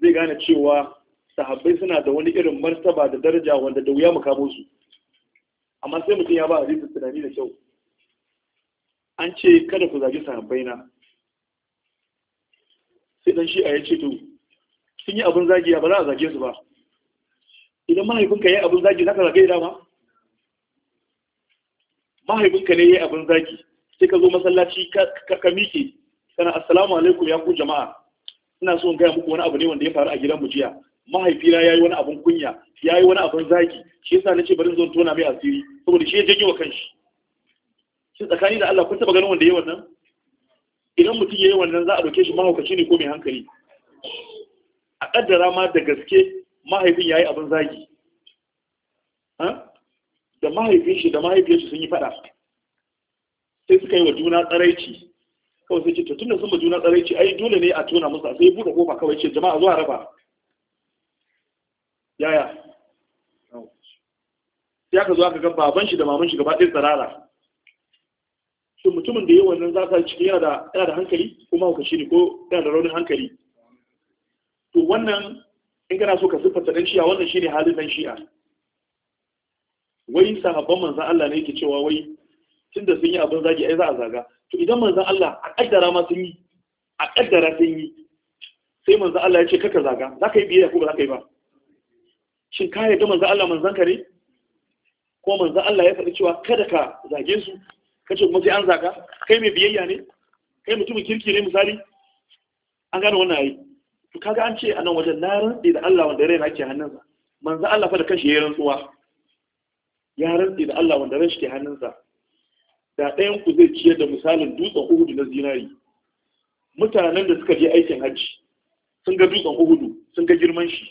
zai gane cewa sahabbai suna da wani irin martaba da daraja wanda da wuya mu kamo su amma sai mutum ya ba hadisi tunani da kyau an ce kada ku zagi sahabbai na sai dan shi a ya ce to sun yi abin zagiya ba za a zage su ba idan mahaifinka ya yi abin zagi za ka zagaye dama mahaifinka ne ya yi abin zagi sai ka zo masallaci ka miƙe kana assalamu alaikum ya ku jama'a ina so in gaya muku wani abu ne wanda ya faru a gidan mu jiya mahaifina ya yi wani abin kunya ya yi wani abin zagi shi yasa na ce bari zan tona mai asiri saboda shi ya janye wa kanshi shi tsakani da Allah kun taba ganin wanda ya wannan idan mutum ya yi wannan za a ɗauke shi mahaukaci ne ko mai hankali a kaddara ma da gaske mahaifin ya yi abin zagi da mahaifin shi da mahaifin shi sun yi fada sai suka yi wa juna tsaraici kawai sai ce tattun da sun ba juna tsaraici ai dole ne a tona musu sai ya buɗe kofa kawai ce jama'a zuwa raba yaya sai aka zo aka ga baban shi da maman shi gaba ɗaya tsarara shin mutumin da yi wannan zaka cikin yana da hankali kuma hukaci ne ko yana da raunin hankali to wannan in kana so ka siffanta dan shi'a wannan shine halin dan shi'a wai sahabban manzon Allah ne yake cewa wai tunda sun yi abin zagi ai za a zaga to idan manzan Allah a kaddara ma sun yi a kaddara sun yi sai manzon Allah ya ce kaka zaga za ka yi biyayya ko ba za ka yi ba shin ka yarda manzon Allah manzan ka ne ko manzon Allah ya faɗi cewa kada ka zage su ka ce kuma sai an zaga kai mai biyayya ne kai mutumin kirki ne misali an gane wannan ayi to kaga an ce a nan wajen na rantsi da Allah wanda raina ke hannunsa manzo Allah fa da kanshi ya rantsuwa ya rantsi da Allah wanda ran shi ke hannunsa da ɗayan ku zai ciyar da misalin dutsen Uhud na zinari mutanen da suka je aikin hajji sun ga dutsen Uhud sun ga girman shi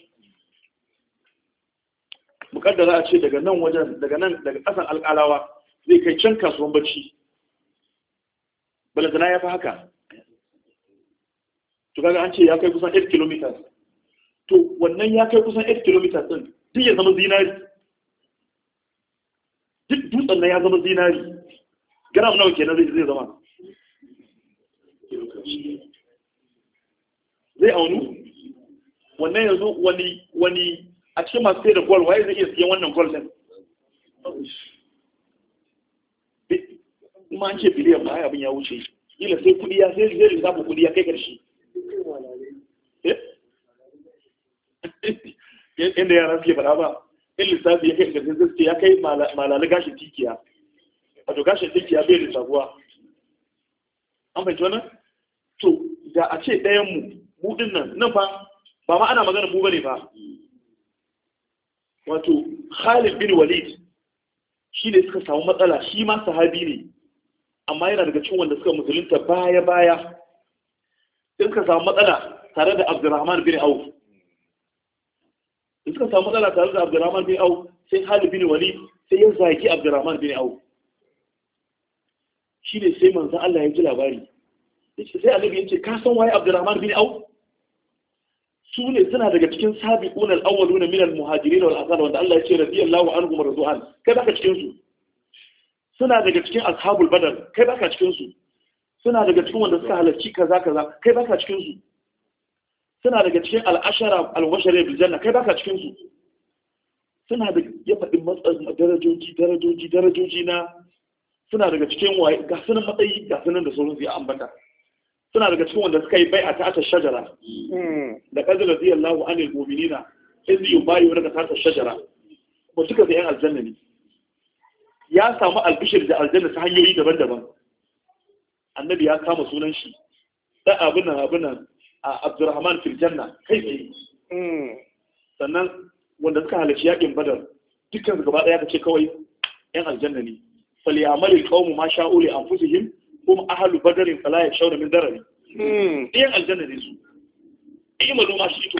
mukaddara a ce daga nan wajen daga nan daga ƙasan alƙalawa zai kai can kasuwan bacci balantana ya fi haka to kaga an ce ya kai kusan 8 km to wannan ya kai kusan 8 km din din ya zama zinari duk dutsen ya zama zinari gram nawa kenan zai zai zama zai aunu wannan yanzu wani wani a cikin masu sai da gol waye zai iya siyan wannan gol din kuma an ce biliyan ya abin ya wuce ila sai kudi ya sai zai zaba kudi ya kai karshe Eh? inda yara suke bara ba in lissafi ya kai ingantin zai ya kai malali gashin tikiya wato gashin tikiya bai lissafuwa an fahimci wannan to da a ce ɗayan mu mu nan nan fa ba ma ana magana mu bane ba wato Khalid bin Walid shi ne suka samu matsala shi ma sahabi ne amma yana daga cikin wanda suka musulunta baya baya in ka samu matsala tare da abdurrahman bin auf in suka samu matsala tare da abdurrahman bin auf sai halid bin walid sai ya zaki abdurrahman bin auf shi ne sai manzan Allah ya ji labari sai annabi ya ce ka san waye abdurrahman bin auf su ne suna daga cikin sabiqun al-awwaluna min al-muhajirin wal wanda Allah ya ce radiyallahu anhum wa radwan kai baka cikin su suna daga cikin ashabul badar kai baka cikin su suna daga cikin wanda suka halarci kaza kaza kai baka cikin su suna daga cikin al'ashara al bil janna kai baka cikin su suna da ya faɗi matsayin darajoji darajoji darajoji na suna daga cikin waye ga sunan matsayi ga sunan da sauransu ya ambata suna daga cikin wanda suka yi bai a ta'atar shajara hmm. da kaji radiyallahu anil mu'minina iz yubayu daga ta'atar shajara ba suka da yan aljanna ne ya samu albishir da aljanna ta hanyoyi daban-daban annabi ya kama sunan shi da abin nan abin nan a Abdurrahman fil janna kai tsaye hmm. sannan wanda suka halarci yakin Badar dukkan su gaba daya kace kawai yan aljanna ne falyamal alqawmu ma sha'u li anfusihim kuma ahlu badarin fala yashawna min darari hmm. yan aljanna ne su yi ma shi to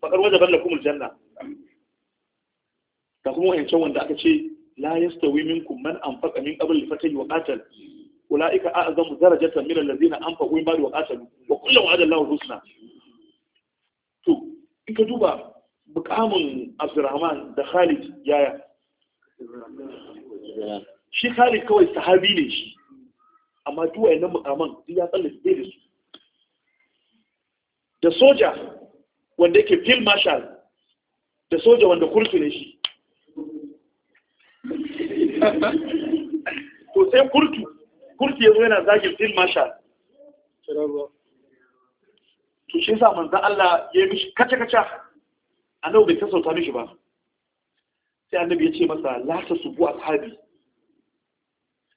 fakar wajaban lakum aljanna da kuma wancan wanda aka ce la yastawi minkum man anfaqa min qabl al wa qatal أولئك أعظم درجة من الذين أنفقوا من بعد وقاتلوا وكل وعد الله الحسنى to in ka duba mukamin Abdurrahman da Khalid yaya shi Khalid kawai sahabi ne shi amma duk wayannan mukaman duk ya tsalla su da su da soja wanda yake field marshal da soja wanda kurtu ne shi [LAUGHS] to sai kurtu kurti ya zo yana zagin fil marshal to shi sa manzo Allah ya yi mishi kace kace annabi bai kasauta mishi ba sai annabi ya ce masa la ta subu ashabi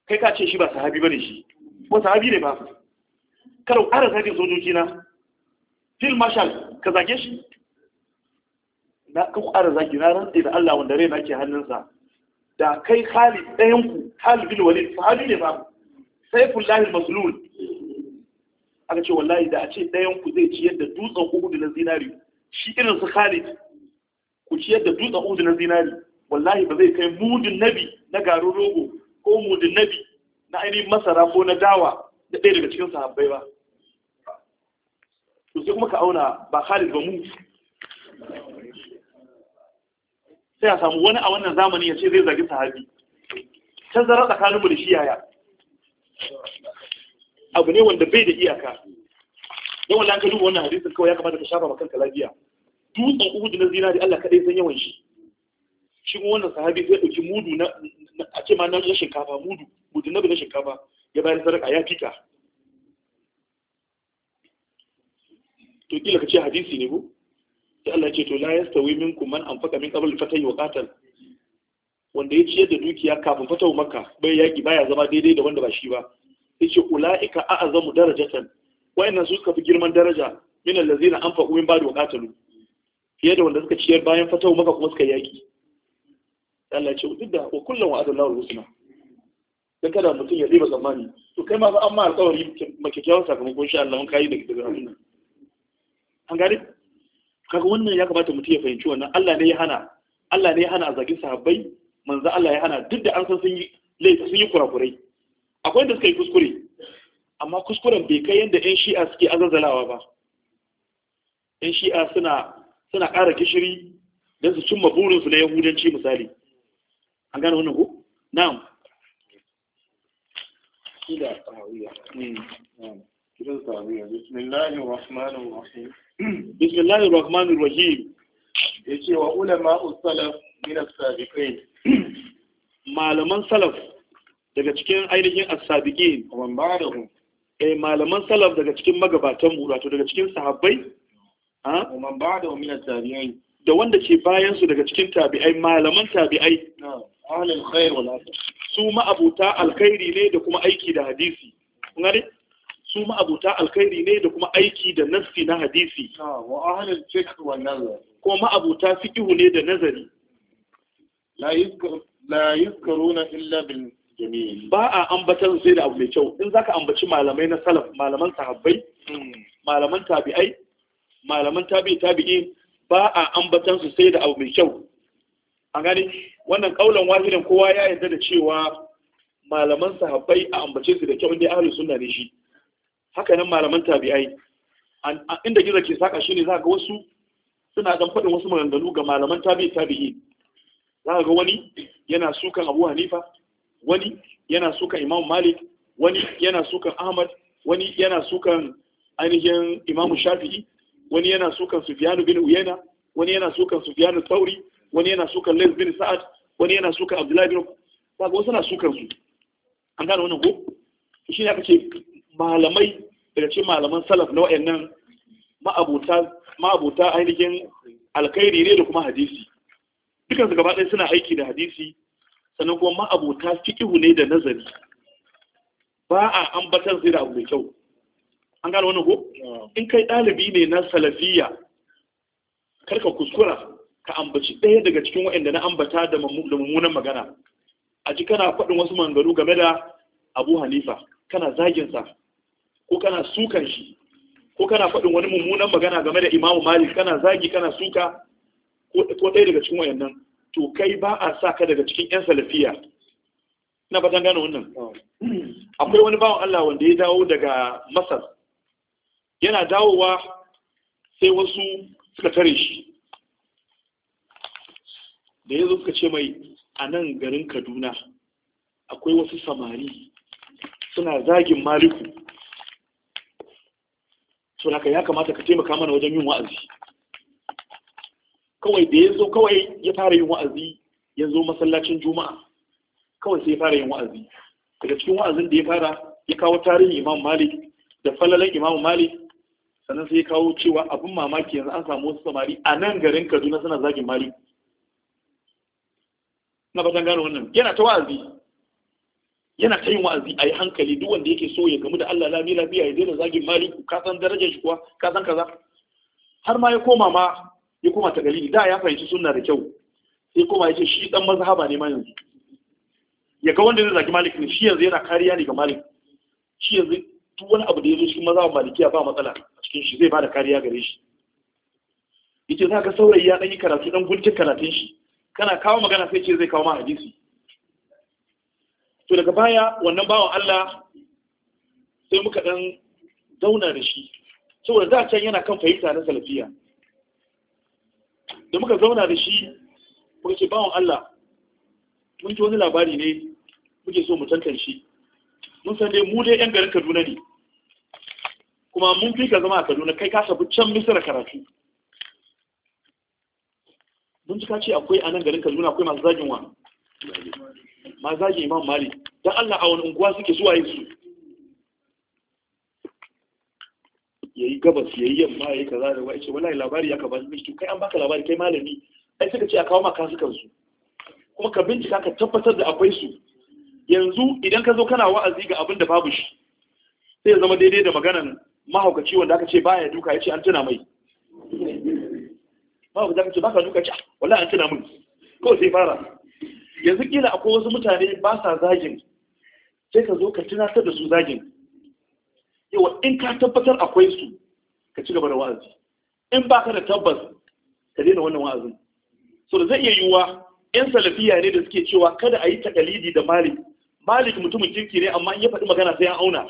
kai ka ce shi ba sahabi bane shi ko sahabi ne ba Kar ku ƙara zagin sojoji na field marshal ka zage shi na ka ƙara zagi na ran da Allah wanda rai nake hannunsa da kai Khalid ɗayan ku Khalid bin Walid sahabi ne ba saifullahi maslul aka ce wallahi da a ce ɗayan ku zai ciyar da dutsen uhudu na zinari shi irin su khalid ku ciyar da dutsen uhudu na zinari wallahi ba zai kai mudun nabi na garin rogo ko mudun nabi na ainihin masara ko na dawa da ɗaya daga cikin sahabbai ba to sai kuma ka auna ba khalid ba mu sai a samu wani a wannan zamani ya ce zai zagi sahabi tazara tsakaninmu da shi yaya abu ne wanda bai da iyaka Yau wanda an ka duba wannan hadisin kawai ya kamata ka shafa ma kanka lafiya dutsen uhudu na zinari Allah kaɗai san yawan shi shi kuma wannan sahabi zai ɗauki mudu na a ce ma na shinkafa mudu mudu na na shinkafa ya bayar sadaka ya fika to kila ka ce hadisi ne ko sai Allah ya ce to la yastawi minkum man anfaqa min qabl fatay wa qatal wanda ya ciyar da dukiya kafin wa maka bai yaki baya zama daidai da wanda ba shi ba yace ulaika a'zamu darajatan wayannan su suka fi girman daraja min allazina anfaqu min ba'di wa fiye da wanda suka ciyar bayan wa maka kuma suka yaki Allah ya ce duk da wa kullum wa adallahu husna dan kada mutum ya riba zamani to kai ma ba an ma alƙawari maka kyawun sakamakon shi Allah mun kai da daga nan an gani kaga wannan ya kamata mutum ya fahimci wannan Allah ne ya hana Allah ne ya hana a zagin sahabbai manzo Allah ya hana duk da an san sun yi laifi sun yi kurakurai akwai da suka yi kuskure amma kuskuren bai kai yadda yan shi'a suke azazzalawa ba yan shi'a suna suna ƙara gishiri don su cimma burinsu na yahudanci misali an gane wannan ku? na'am الله الرحمن الرحيم ya ce wa ulama salaf min as-sabiqin [CLEARS THROAT] malaman salaf daga cikin ainihin as-sabiqin wa ba'dahu eh malaman salaf daga cikin magabatan mu wato daga cikin sahabbai ha wa ba'dahu min as-tabi'in da wanda ke bayan su daga cikin tabi'ai malaman tabi'ai ahlul khair wal su abuta alkhairi ne da kuma aiki da hadisi kun gane su ma'abuta alkhairi ne da kuma aiki da nassi na hadisi wa ahlul fiqh ko ma'abuta ne da nazari la yuzkaruna illa bil jamil ba a ambatan sai da abu mai kyau in zaka ambaci malamai na salaf malaman sahabbai hmm. malaman tabi'ai malaman tabi'i tabi'i ba a ambatan su sai da abu mai kyau an gani wannan kaulan wahidan kowa ya yarda da cewa malaman sahabbai a ambace su da kyau inda ahlus sunna ne shi haka nan malaman tabi'ai inda gizo ke saka shi ne za ga wasu suna dan faɗin wasu maganganu ga malaman tabi'i tabi'i za ga wani yana sukan abu hanifa wani yana sukan imam malik wani yana sukan ahmad wani yana sukan ainihin imam shafi'i wani yana sukan sufyanu bin uyena wani yana sukan sufyanu tauri wani yana sukan lais bin sa'ad wani yana sukan abdullahi bin za ga wasu na sukan su an gane wannan ko shi ne aka ce malamai daga cikin malaman salaf na wayannan ma'abuta ma'abuta ainihin alkhairi ne da kuma hadisi dukan su gaba ɗaya suna aiki da hadisi sannan kuma ma'abuta fiqhu ne da nazari ba a ambatan sai da abu mai kyau an gano wannan ko in kai ɗalibi ne na salafiya karka kuskura ka ambaci ɗaya daga cikin waɗanda na ambata da mummunan magana a ji kana faɗin wasu mangaru game da abu hanifa kana zagin sa ko kana sukan shi ko kana faɗin wani mummunan magana game da imamu malik kana zagi kana suka ko ɗaya daga cikin wayannan to kai ba a sa ka daga cikin 'yan salafiya na fatan gane wannan akwai wani bawan Allah wanda ya dawo daga masar yana dawowa sai wasu suka tare shi da ya zo suka ce mai a nan garin kaduna akwai wasu samari suna zagin maliku ka ya kamata ka taimaka mana wajen yin wa'azi kawai da ya zo kawai ya fara yin wa'azi ya zo masallacin juma'a kawai sai ya fara yin wa'azi daga cikin wa'azin da ya fara ya kawo tarihin imam malik da falalan imam malik sannan sai ya kawo cewa abin mamaki yanzu an samu wasu samari a nan garin kaduna suna zagin malik na fatan gano wannan yana ta wa'azi yana ta yin wa'azi a yi hankali duk wanda yake so ya gamu da Allah lami lafiya ya daina zagin maliku ka san darajar shi kuwa ka san kaza har ma ya koma ma ya koma ta galibi da ya fahimci sunna da kyau sai koma ya ce shi dan mazhaba ne ma yanzu ya ga wanda zai zagi malik ne shi yanzu yana kariya ne ga malik shi yanzu duk wani abu da ya zo cikin maliki malikiya ba matsala a cikin shi zai bada kariya gare shi yace za ka saurayi ya dan yi karatu dan gunkin karatun shi kana kawo magana sai ce zai kawo ma hadisi to daga baya wannan bawan Allah sai muka dan zauna da shi saboda a can yana kan fahimta na salafiya da muka zauna da shi muka ce bawan Allah mun ji wani labari ne muke so mu tantance mun san dai mu dai yan garin Kaduna ne kuma mun fi ka zama a Kaduna kai ka sabu can Misira karatu mun ji ka ce akwai a nan garin Kaduna akwai masu zagin wa ma zage imam mali don allah a wani unguwa suke zuwa yin su ya yi gabas ya yi yamma ya yi kaza da wace wallahi labari ya kaba mishi kai an baka labari kai malami ai suka ce a kawo maka su kansu kuma ka bincika ka tabbatar da akwai su yanzu idan ka zo kana wa'azi ga abin da babu shi sai ya zama daidai da maganan mahaukaci wanda aka ce baya duka ya ce an tuna mai mahaukaci baka duka ce ah, wallahi an tuna min kawai sai fara yanzu kila akwai wasu mutane ba sa zagin sai ka zo ka tunatar da su zagin yawa in ka tabbatar akwai su ka ci gaba da wa'azi in ba ka da tabbas ka daina wannan wa'azin so da zai iya yiwuwa yan salafiya ne da suke cewa kada a yi takalidi da malik malik mutumin kirki ne amma in ya faɗi magana sai an auna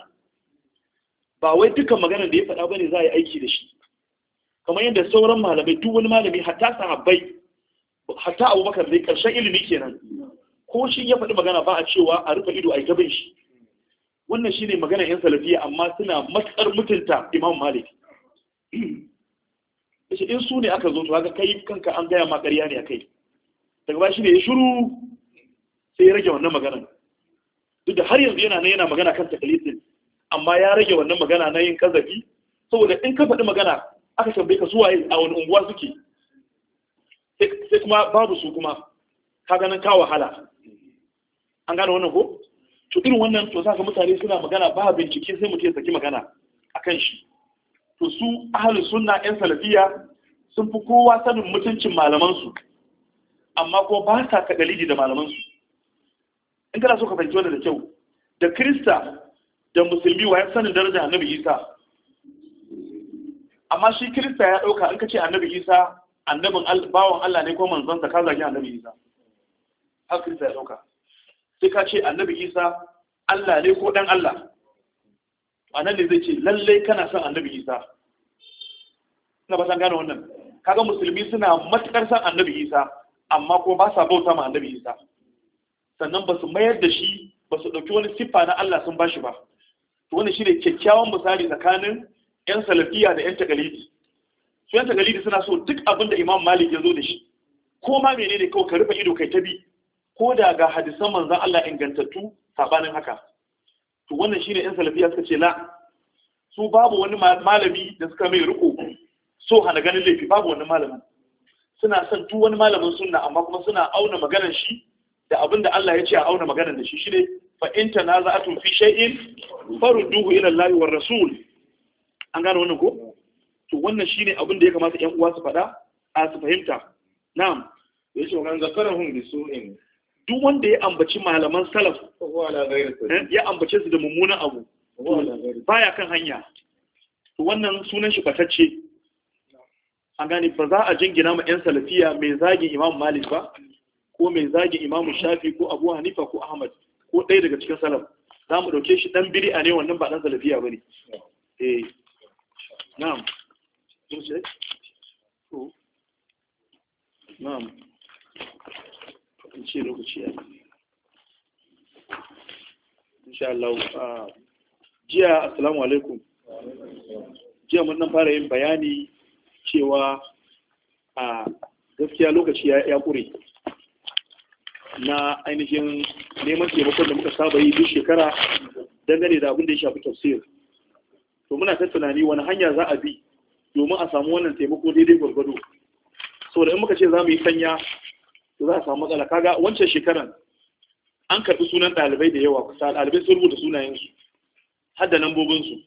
ba wai dukkan maganar da ya faɗa ba ne za a yi aiki da shi kamar yadda sauran malamai duk wani malami hatta sahabbai hatta abubakar dai karshen ilimi kenan ko shi ya faɗi magana ba a cewa a rufe ido a gaban shi wannan shi ne magana yan salafiya amma suna matsar mutunta imam malik shi in su ne aka zo to haka kai kanka an gaya ma ƙarya ne a kai daga ba shi ne ya shiru sai ya rage wannan magana duk da har yanzu yana nan yana magana kan takalidin amma ya rage wannan magana na yin kazafi saboda in ka faɗi magana aka tambaye ka suwaye a wani unguwa suke sai kuma babu su kuma ka ganin ka wahala an gane wannan ko to irin wannan to saka mutane suna magana ba bincike sai mutum ya saki magana akan shi to su ahli sunna yan salafiya sun fi kowa sanin mutuncin malaman su amma ko ba sa ka dalili da malaman su in kana so ka fahimci wannan da kyau da krista da musulmi wa ya sanin darajar annabi isa amma shi krista ya ɗauka in ka ce annabi isa annabin bawan Allah ne ko manzansa ka zagi annabi Isa haka Kirista ya ɗauka. sai ka ce annabi Isa Allah ne ko dan Allah anan ne zai ce lalle kana son annabi Isa ina ba san gane wannan kaga musulmi suna matukar son annabi Isa amma ko ba sa bauta ma annabi Isa sannan ba su mayar da shi ba su dauki wani siffa na Allah sun bashi ba to wannan shine kyakkyawan misali tsakanin yan salafiya da yan takalidi su ta galibi suna so duk abin da imam malik ya zo da shi ko ma ne kawai ka rufe ido kai ta bi ko da ga hadisan manzan Allah ingantattu sabanin haka to wannan shine yan salafiya suka ce la su babu wani malami da suka mai riko so hana ganin laifi babu wani malamin suna son duk wani malamin sunna amma kuma suna auna maganar shi da abin da Allah ya ce a auna maganar da shi shine fa in tanaza'atu fi shay'in farudduhu ila Allah war rasul an gane wannan ko to wannan shine abin da ya kamata ƴan uwa su faɗa a su fahimta na'am wannan zakarahum duk wanda ya ambaci malaman salaf eh, ya ambace su da mummunan abu baya kan hanya to wannan sunan shi batacce an gane ba za a jingina ma 'yan salafiya mai zagin imam malik ba ko mai zagin imam shafi ko abu hanifa ko ahmad ko ɗaya daga cikin salaf za mu ɗauke shi ɗan biri a ne wannan ba ɗan salafiya ba ne eh. na'am na'am in ce lokaci ya insha Allah ah, jiya assalamu alaikum jiya mun nan fara yin bayani cewa a ah, gaskiya lokaci ya kure na ainihin neman taimakon da muka saba yi duk shekara dangane da abin da ya shafi tafsir to muna ta tunani wani hanya za a bi domin a samu wannan taimako daidai gwargwado saboda in muka ce za mu yi sanya to za a samu matsala kaga wancan shekaran an karɓi sunan ɗalibai da yawa kusa ɗalibai sun rubuta sunayensu har da lambobinsu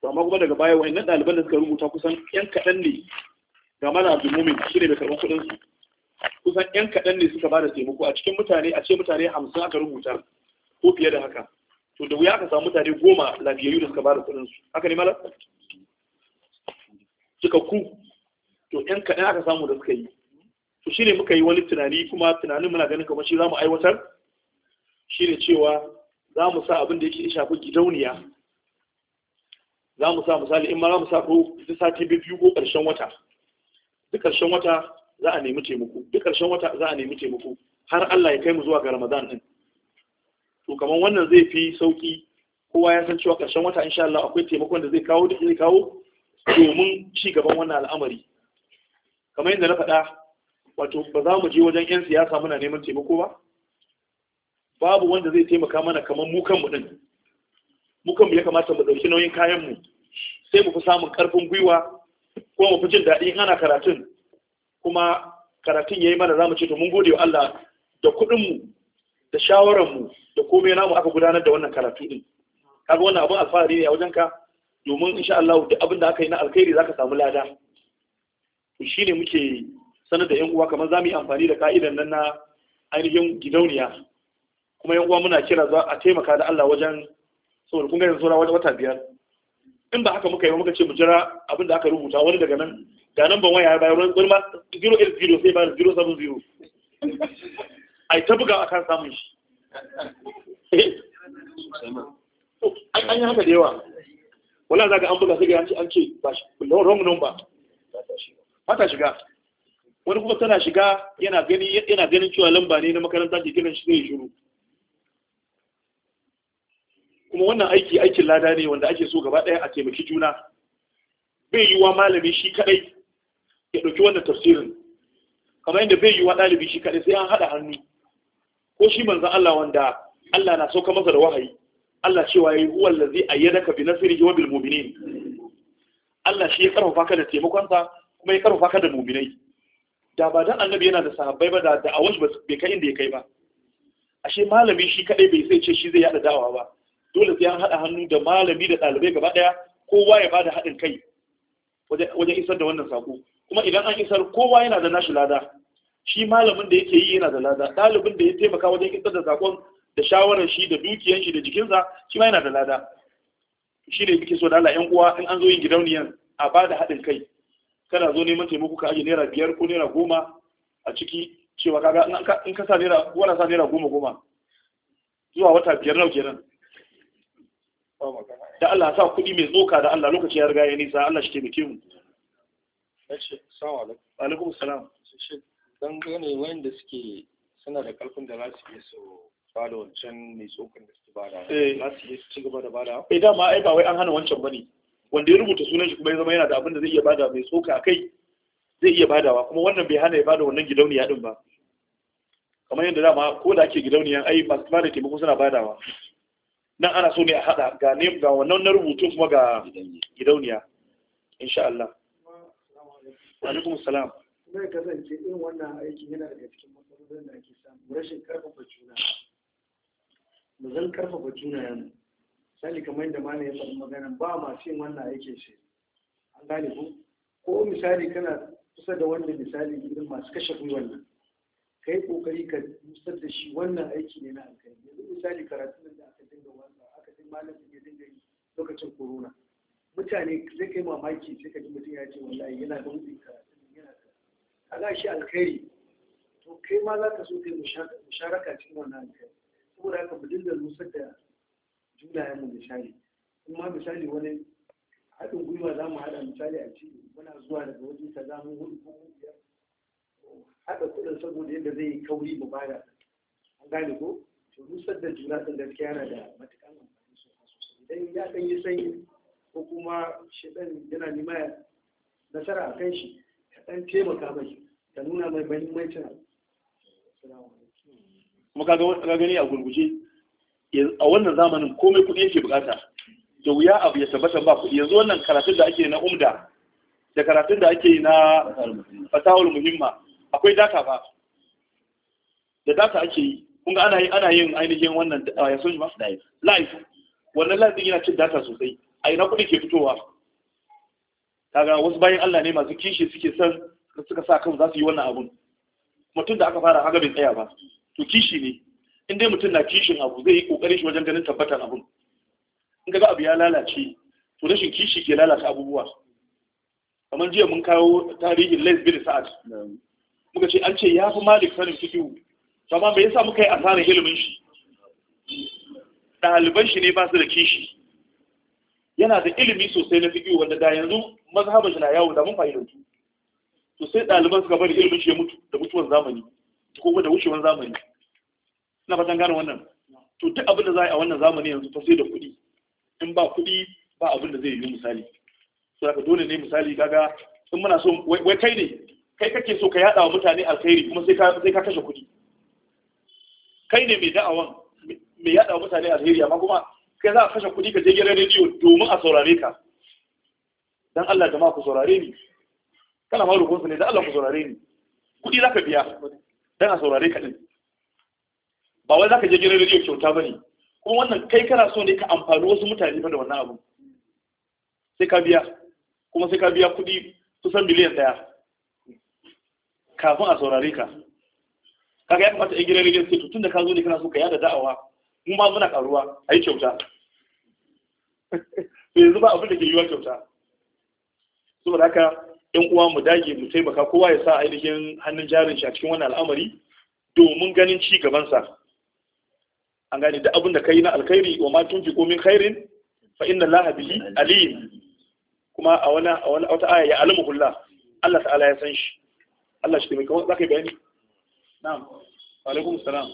to amma kuma daga baya wayannan ɗaliban da suka rubuta kusan yan kaɗan ne ga mana abdulmumin shi ne bai karɓar kuɗinsu kusan yan kaɗan ne suka bada taimako a cikin mutane a ce mutane hamsin aka rubuta ko fiye da haka to da wuya aka samu mutane goma lafiyayyu da suka bada kuɗinsu haka ne malam cikakku to yan kaɗan aka samu da suka yi to shi ne muka yi wani tunani kuma tunanin muna ganin kamar shi za mu aiwatar shi ne cewa za mu sa abin da yake shafi gidauniya za mu sa misali in ma za mu sa ko duk sati biyu ko ƙarshen wata duk ƙarshen wata za a nemi taimako duk ƙarshen wata za a nemi taimako har Allah ya kai mu zuwa ga Ramadan din to kamar wannan zai fi sauki kowa ya san cewa ƙarshen wata insha Allah akwai taimakon da zai kawo da zai kawo domin ci gaban wannan al'amari kamar yadda na faɗa wato ba za mu je wajen 'yan siyasa muna neman taimako ba babu wanda zai taimaka mana kamar mu kanmu din mu ya kamata mu ɗauki nauyin kayanmu sai mu fi samun ƙarfin gwiwa ko mu fi jin daɗi in ana karatun kuma karatun ya yi mana za mu ce to mun gode wa Allah da kuɗinmu da shawararmu da komai namu aka gudanar da wannan karatu din kaga wannan abin alfahari ne a wajen ka domin insha Allah duk abin da aka yi na alkhairi zaka samu lada to shine muke sanar da yan uwa kamar zamu yi amfani da ka'idan nan na ainihin gidauniya kuma yan uwa muna kira za a taimaka da Allah wajen saboda kun ga yanzu sura wata biyar in ba haka muka yi muka ce mu jira abin da aka rubuta wani daga nan ga nan ban waya ya bayar wani ma 080 sai bayar 070 ai ta buga akan samun shi eh? an yi haka da yawa wala za ga an buga sai an ce an ce ba shi wrong number ba ta shiga wani kuma tana shiga yana gani yana ganin cewa lamba ne na makaranta ke kiran shi zai shiru kuma wannan aiki aikin lada ne wanda ake so gaba daya a taimaki juna bai yiwa malami shi kadai ya dauki wannan tafsirin kamar yadda bai yiwa dalibi shi kadai sai an hada hannu ko shi manzon Allah wanda Allah na sauka masa da wahayi Allah cewa yayi huwal ladzi ayyadaka bi nasrihi wa bil mu'minin Allah shi ya karfafa ka da taimakon sa kuma ya karfafa ka da mu'minai da ba dan annabi yana da sahabbai ba da da'awar ba bai kai inda ya kai ba ashe malami shi kadai bai sai ce shi zai yada da'awa ba dole sai an hada hannu da malami da dalibai gaba daya kowa ya bada hadin kai wajen isar da wannan sako kuma idan an isar kowa yana da nashi lada shi malamin da yake yi yana da lada dalibin da ya taimaka wajen isar da sakon da shawarar shi da dukiyar shi da jikinsa shi ma yana da lada shi ne muke so da Allah ƴan uwa in an zo yin gidauniyan a ba da haɗin kai kana zo neman taimako ka aje naira biyar ko naira goma a ciki cewa kaga in ka sa naira wala sa naira goma goma zuwa wata biyar nau kenan da Allah sa kuɗi mai tsoka da Allah lokaci ya riga ya nisa Allah shi taimake mu alaikum. salam. Shi dan gane wanda suke suna da kalfin da za su iya so ba da wancan mai tsokan da suke bada eh. za su yi su ci gaba da bada eh dama ai ba wai an hana wancan bane wanda ya rubuta sunan shi kuma ya zama yana da abin da zai iya bada mai tsoka a kai zai iya badawa kuma wannan bai hana ya bada wannan gidauniya din ba kamar yadda dama ko da ake gidauniyan ai masu bada taimako suna badawa nan ana so ne a haɗa, ga ne ga wannan na rubutu kuma ga gidauniya insha Allah alaikum salam zai kasance irin wannan aikin yana daga cikin matsalolin da ake samu rashin karfafa juna mu zan karfafa junayen sani kamar da mana ya faɗi magana ba masu yin wannan aikin shi an gane ku ko misali kana kusa da wanda misali irin masu kashe gwiwan nan kai kokari ka nusar da shi wannan aiki ne na alkai yanzu misali karatun da aka dinga wannan aka dinga malam ya dinga yi lokacin corona mutane zai kai mamaki sai ka ji mutum ya ce wallahi yana da karatu karatun yana da kaga shi alkhairi to kai ma za ka so kai musharaka cikin wannan alkhairi saboda ka mu dinga rusar da junayen mu misali kuma misali wani haɗin gwiwa za mu haɗa misali a ci muna zuwa daga waje ta za mu hudu ko ya? haɗa kuɗin saboda yadda zai yi kauri mu bada an gane ko to rusar da juna ɗin gaskiya yana da matuƙar amfani sosai idan ya ɗan yi sanyi ko kuma shi ɗan yana nema nasara a kan shi ka ɗan taimaka mai ka nuna mai mahimmancin abu kuma gani a gurguje a wannan zamanin komai kuɗi yake bukata da wuya abu ya tabbata ba kuɗi yanzu wannan karatun da ake na umda da karatun da ake na fatawul muhimma akwai data ba da data ake yi kun ana yi ana yin ainihin wannan ya sun ba live wannan live din yana cin data sosai a ina kuɗi ke fitowa kaga wasu bayan Allah ne masu kishi suke son suka sa kan za su yi wannan abun mutum da aka fara haga bai tsaya ba to kishi ne in dai mutum na kishin abu zai yi kokarin shi wajen ganin tabbatar abun in ga abu ya lalace to rashin kishi ke lalata abubuwa kamar jiya mun kawo tarihin Lais bin Sa'ad muka ce an ce ya fi Malik sanin to amma me yasa muka yi asarar ilimin shi ɗaliban shi ne ba su da kishi yana da ilimi sosai na fiqhu wanda da yanzu mazhaban shi na yawo da mun fa'idantu to sai ɗaliban suka bari ilimin shi ya mutu da mutuwar zamani ko da wucewan zamani ina fatan gane wannan to duk abin da za a yi a wannan zamani yanzu ta sai da kuɗi in ba kuɗi ba abin da zai yi misali so haka dole ne misali kaga in muna so wai kai ne kai kake so ka yaɗa wa mutane alkhairi kuma sai ka sai ka kashe kuɗi kai ne mai da'awan mai yaɗa wa mutane alkhairi amma kuma kai za a kashe kuɗi ka je gidan rediyo domin a saurare ka dan Allah jama'a ku saurare ni kana ma roƙon ne dan Allah ku saurare ni kuɗi za ka biya tana a saurare ka din ba wai zaka je gidan rediyo kyauta bane kuma wannan kai kana so ne ka amfani wasu mutane fa da wannan abu sai ka biya kuma sai ka biya kuɗi kusan miliyan ɗaya kafin a saurare ka kaga ya kamata in gidan rediyo sai tun da ka zo ne kana so ka yada da'awa mu ma muna karuwa ayi kyauta [LAUGHS] yanzu ba abin da ke yiwa kyauta saboda haka yan uwa mu dage mu taimaka kowa ya sa ainihin hannun jarin shi a cikin wannan al'amari domin ganin ci gabansa an gane da abin da ka yi na alkhairi wa ma tunfiqu min khairin fa inna allaha bihi alim kuma a wani a wani wata aya ya alimu kullah Allah ta'ala ya san shi Allah shi taimaka za ka yi bayani na'am wa alaikum salam